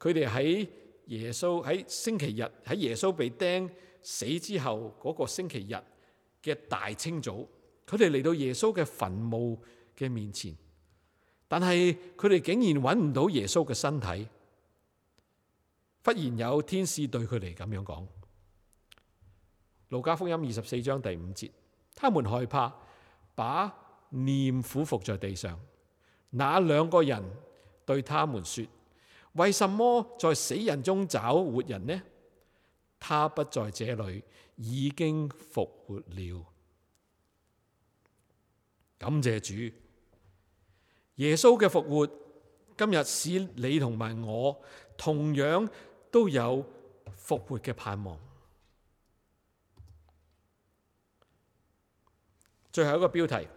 佢哋喺耶穌喺星期日喺耶穌被釘死之後嗰個星期日嘅大清早，佢哋嚟到耶穌嘅墳墓嘅面前，但係佢哋竟然揾唔到耶穌嘅身體。忽然有天使對佢哋咁樣講。路加福音二十四章第五節，他們害怕，把念苦伏在地上。那兩個人對他們說：為什麼在死人中找活人呢？他不在這裡，已經復活了。感謝主，耶穌嘅復活今日使你同埋我同樣都有復活嘅盼望。最後一個標題，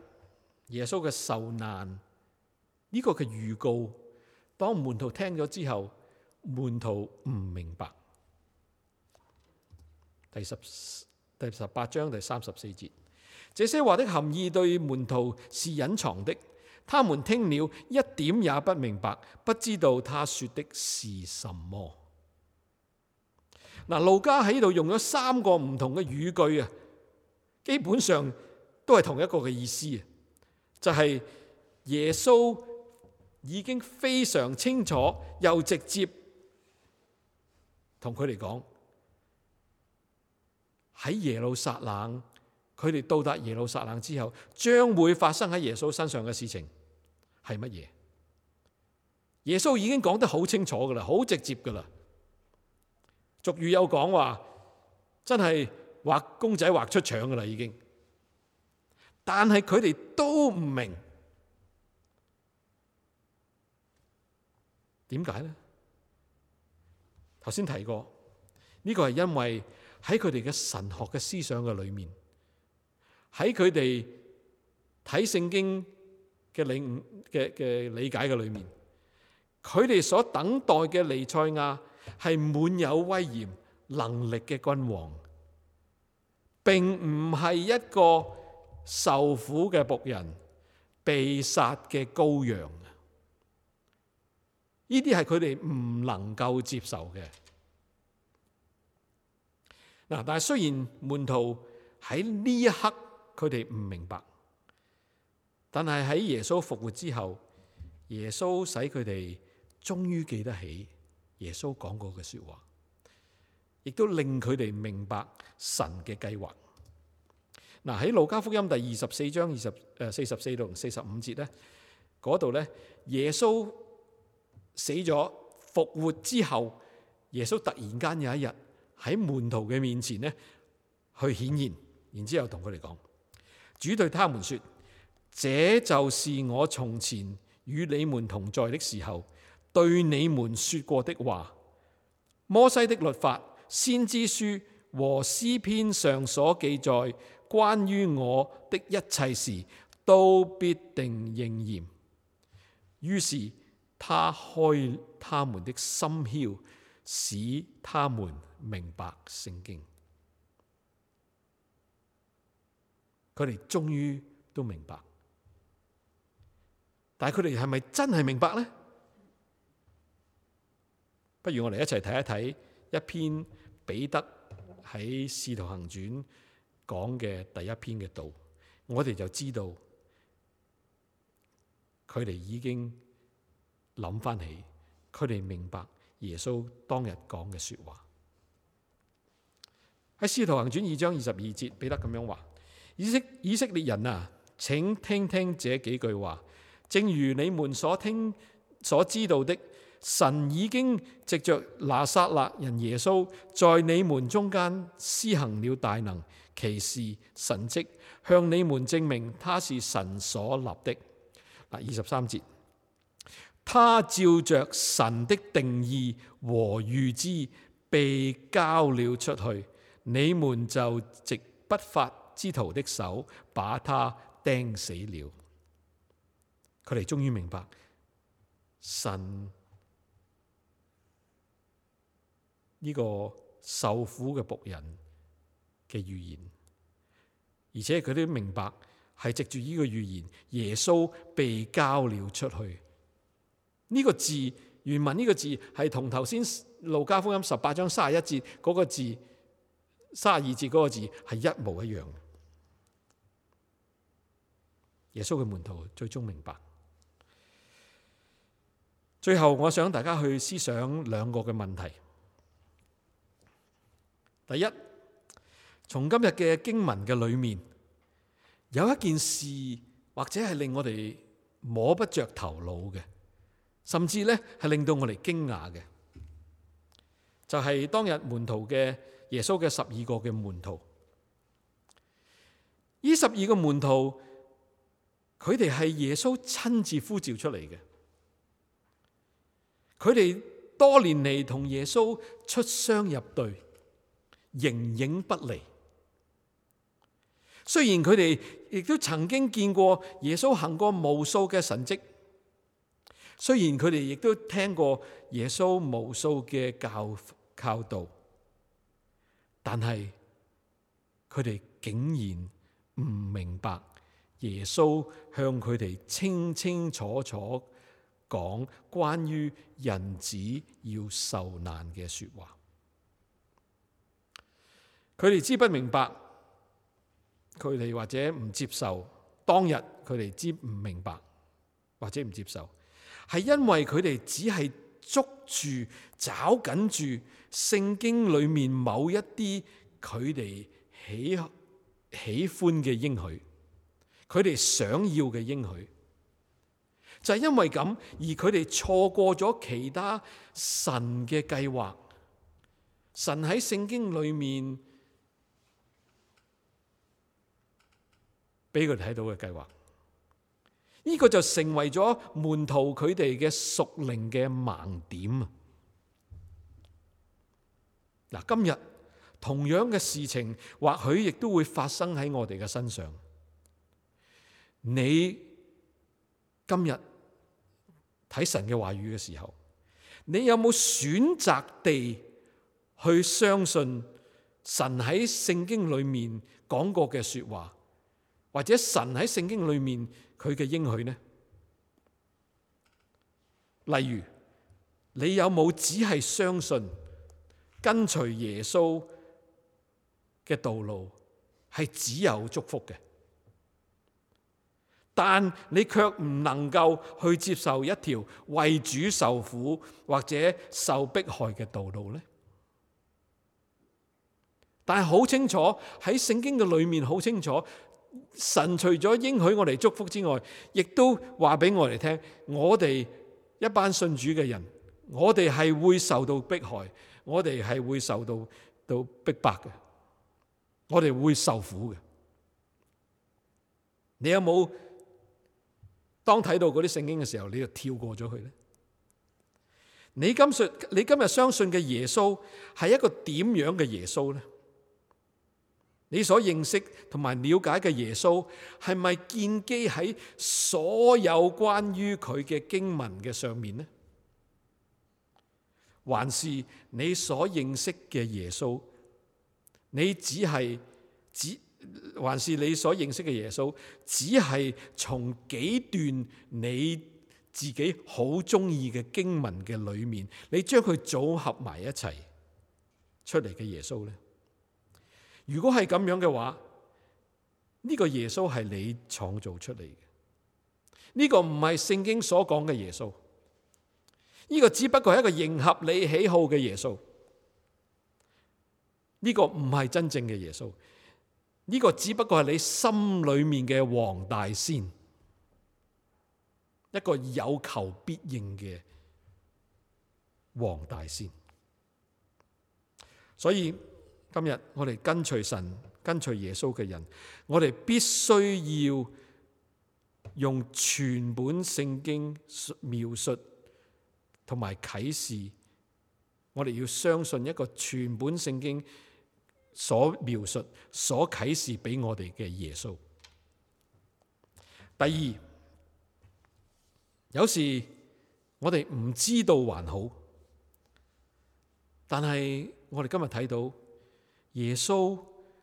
耶穌嘅受難，呢、這個嘅預告，當門徒聽咗之後，門徒唔明白。第十、第十八章第三十四節，這些話的含義對門徒是隱藏的，他們聽了一點也不明白，不知道他說的是什麼。嗱，路加喺度用咗三個唔同嘅語句啊，基本上。都係同一個嘅意思，就係耶穌已經非常清楚又直接同佢哋講喺耶路撒冷，佢哋到達耶路撒冷之後，將會發生喺耶穌身上嘅事情係乜嘢？耶穌已經講得好清楚噶啦，好直接噶啦。俗語有講話，真係畫公仔畫出腸噶啦，已經。但係佢哋都唔明，點解呢？頭先提過，呢個係因為喺佢哋嘅神學嘅思想嘅裏面，喺佢哋睇聖經嘅領悟嘅、嘅理解嘅裏面，佢哋所等待嘅彌賽亞係滿有威嚴能力嘅君王，並唔係一個。受苦嘅僕人、被殺嘅羔羊，呢啲係佢哋唔能夠接受嘅。嗱，但係雖然門徒喺呢一刻佢哋唔明白，但係喺耶穌復活之後，耶穌使佢哋終於記得起耶穌講過嘅說話，亦都令佢哋明白神嘅計劃。嗱，喺《路加福音》第二十四章二十誒四十四到四十五節咧，嗰度咧，耶穌死咗復活之後，耶穌突然間有一日喺門徒嘅面前呢去顯現，然之後同佢哋講：主對他們說，這就是我從前與你們同在的時候對你們說過的話。摩西的律法、先知書和詩篇上所記載。關於我的一切事都必定應驗。於是他開他們的心竅，使他們明白聖經。佢哋終於都明白，但係佢哋係咪真係明白呢？不如我哋一齊睇一睇一篇彼得喺《使徒行傳》講嘅第一篇嘅道，我哋就知道佢哋已經諗翻起，佢哋明白耶穌當日講嘅說話。喺《使徒行傳》二章二十二節，彼得咁樣話：以色以色列人啊，請聽聽這幾句話，正如你們所聽所知道的。神已經藉着拿撒勒人耶穌在你們中間施行了大能、奇事、神蹟，向你們證明他是神所立的。嗱，二十三節，他照着神的定義和預知被交了出去，你們就藉不法之徒的手把他釘死了。佢哋終於明白神。呢個受苦嘅僕人嘅預言，而且佢都明白係藉住呢個預言，耶穌被交了出去。呢個字原文呢個字係同頭先路加福音十八章三十一節嗰個字，三十二節嗰個字係一模一樣嘅。耶穌嘅門徒最終明白。最後，我想大家去思想兩個嘅問題。第一，從今日嘅經文嘅裏面，有一件事或者係令我哋摸不着頭腦嘅，甚至呢係令到我哋驚訝嘅，就係、是、當日門徒嘅耶穌嘅十二個嘅門徒。呢十二個門徒，佢哋係耶穌親自呼召出嚟嘅，佢哋多年嚟同耶穌出雙入對，形影不離。雖然佢哋亦都曾經見過耶穌行過無數嘅神蹟，雖然佢哋亦都聽過耶穌無數嘅教教導，但係佢哋竟然唔明白耶穌向佢哋清清楚楚講關於人子要受難嘅說話。佢哋知不明白，佢哋或者唔接受當日佢哋知唔明白或者唔接受，係因為佢哋只係捉住、找緊住聖經裏面某一啲佢哋喜喜歡嘅應許，佢哋想要嘅應許，就係因為咁而佢哋錯過咗其他神嘅計劃。神喺聖經裏面。俾佢睇到嘅計劃，呢個就成為咗門徒佢哋嘅屬靈嘅盲點啊！嗱，今日同樣嘅事情，或許亦都會發生喺我哋嘅身上。你今日睇神嘅話語嘅時候，你有冇選擇地去相信神喺聖經裏面講過嘅說話？或者神喺聖經裏面佢嘅應許呢？例如，你有冇只係相信跟隨耶穌嘅道路係只有祝福嘅？但你卻唔能夠去接受一條為主受苦或者受迫害嘅道路呢？但係好清楚，喺聖經嘅裏面好清楚。神除咗應許我哋祝福之外，亦都話俾我哋聽：我哋一班信主嘅人，我哋係會受到迫害，我哋係會受到到逼迫嘅，我哋會受苦嘅。你有冇當睇到嗰啲聖經嘅時候，你就跳過咗佢呢？你今信，你今日相信嘅耶穌係一個點樣嘅耶穌呢？你所認識同埋了解嘅耶穌，係咪建基喺所有關於佢嘅經文嘅上面呢？還是你所認識嘅耶穌，你只係只還是你所認識嘅耶穌，只係從幾段你自己好中意嘅經文嘅裏面，你將佢組合埋一齊出嚟嘅耶穌呢？如果係咁樣嘅話，呢個耶穌係你創造出嚟嘅，呢個唔係聖經所講嘅耶穌，呢個只不過係一個迎合你喜好嘅耶穌，呢個唔係真正嘅耶穌，呢個只不過係你心裏面嘅黃大仙，一個有求必應嘅黃大仙，所以。今日我哋跟隨神、跟隨耶穌嘅人，我哋必須要用全本聖經描述同埋啟示。我哋要相信一個全本聖經所描述、所啟示俾我哋嘅耶穌。第二，有時我哋唔知道還好，但係我哋今日睇到。耶穌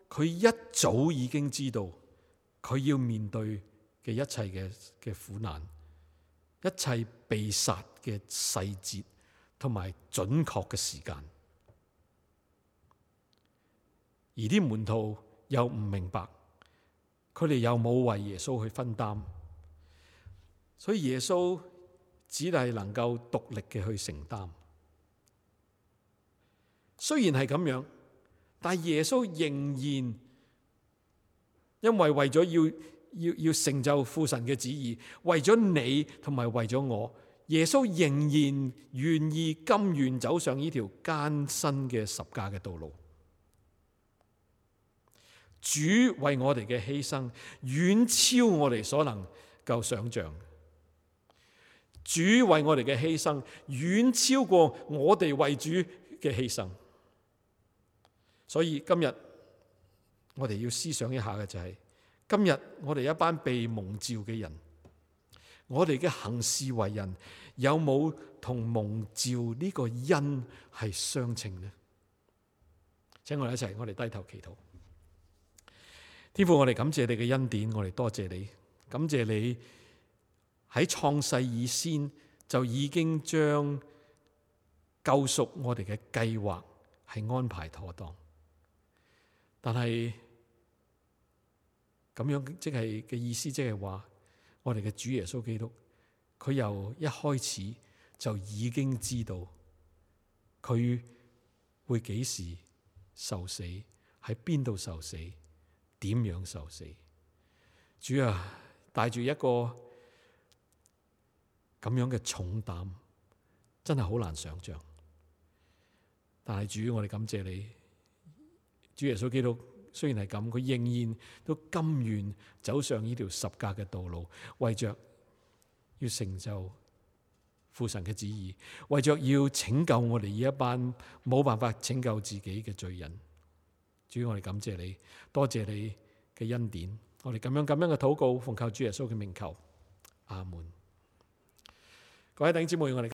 佢一早已經知道佢要面對嘅一切嘅嘅苦難，一切被殺嘅細節同埋準確嘅時間，而啲門徒又唔明白，佢哋又冇為耶穌去分擔，所以耶穌只係能夠獨立嘅去承擔。雖然係咁樣。但耶穌仍然，因為為咗要要要成就父神嘅旨意，為咗你同埋為咗我，耶穌仍然願意甘願走上呢條艱辛嘅十架嘅道路。主為我哋嘅犧牲遠超我哋所能夠想象。主為我哋嘅犧牲遠超過我哋為主嘅犧牲。所以今日我哋要思想一下嘅，就係今日我哋一班被蒙召嘅人，我哋嘅行事為人有冇同蒙召呢個恩係相稱呢？請我哋一齊，我哋低頭祈禱。天父，我哋感謝你嘅恩典，我哋多謝你，感謝你喺創世以先就已經將救贖我哋嘅計劃係安排妥當。但係咁樣即係嘅意思就是說，即係話我哋嘅主耶穌基督，佢由一開始就已經知道佢會幾時受死，喺邊度受死，點樣受死。主啊，帶住一個咁樣嘅重擔，真係好難想象。但係主，我哋感謝你。主耶穌基督雖然係咁，佢仍然都甘願走上呢條十架嘅道路，為着要成就父神嘅旨意，為着要拯救我哋呢一班冇辦法拯救自己嘅罪人。主，我哋感謝你，多謝你嘅恩典。我哋咁樣咁樣嘅禱告，奉靠主耶穌嘅名求。阿門。各位弟兄姊妹，我哋。